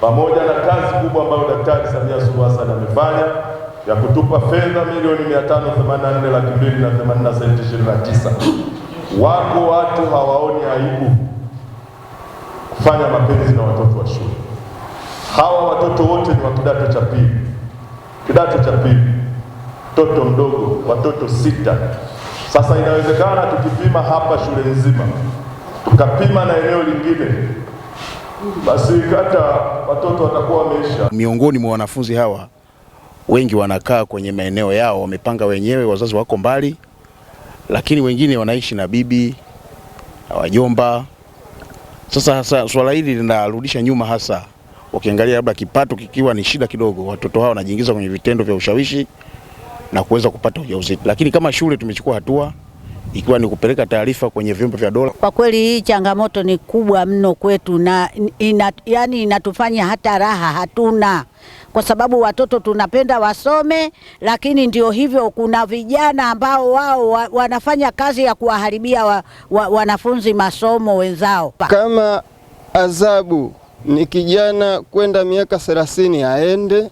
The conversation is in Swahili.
Pamoja na kazi kubwa ambayo Daktari Samia Suluhu Hassan amefanya ya kutupa fedha milioni 584 laki mbili na themanini senti wako watu hawaoni aibu kufanya mapenzi na watoto wa shule. Hawa watoto wote ni wa kidato cha pili, kidato cha pili, mtoto mdogo, watoto sita. Sasa inawezekana tukipima hapa shule nzima, tukapima na eneo lingine basi hata watoto watakuwa wameisha. Miongoni mwa wanafunzi hawa wengi wanakaa kwenye maeneo yao, wamepanga wenyewe, wazazi wako mbali, lakini wengine wanaishi na bibi na wajomba. Sasa hasa swala hili linarudisha nyuma, hasa ukiangalia labda kipato kikiwa ni shida kidogo, watoto hao wanajiingiza kwenye vitendo vya ushawishi na kuweza kupata ujauzito. Lakini kama shule tumechukua hatua ikiwa ni kupeleka taarifa kwenye vyombo vya dola. Kwa kweli hii changamoto ni kubwa mno kwetu na ina, yani inatufanya hata raha hatuna, kwa sababu watoto tunapenda wasome, lakini ndio hivyo, kuna vijana ambao wao wa, wanafanya kazi ya kuwaharibia wa, wa, wanafunzi masomo wenzao. Kama adhabu ni kijana kwenda miaka thelathini aende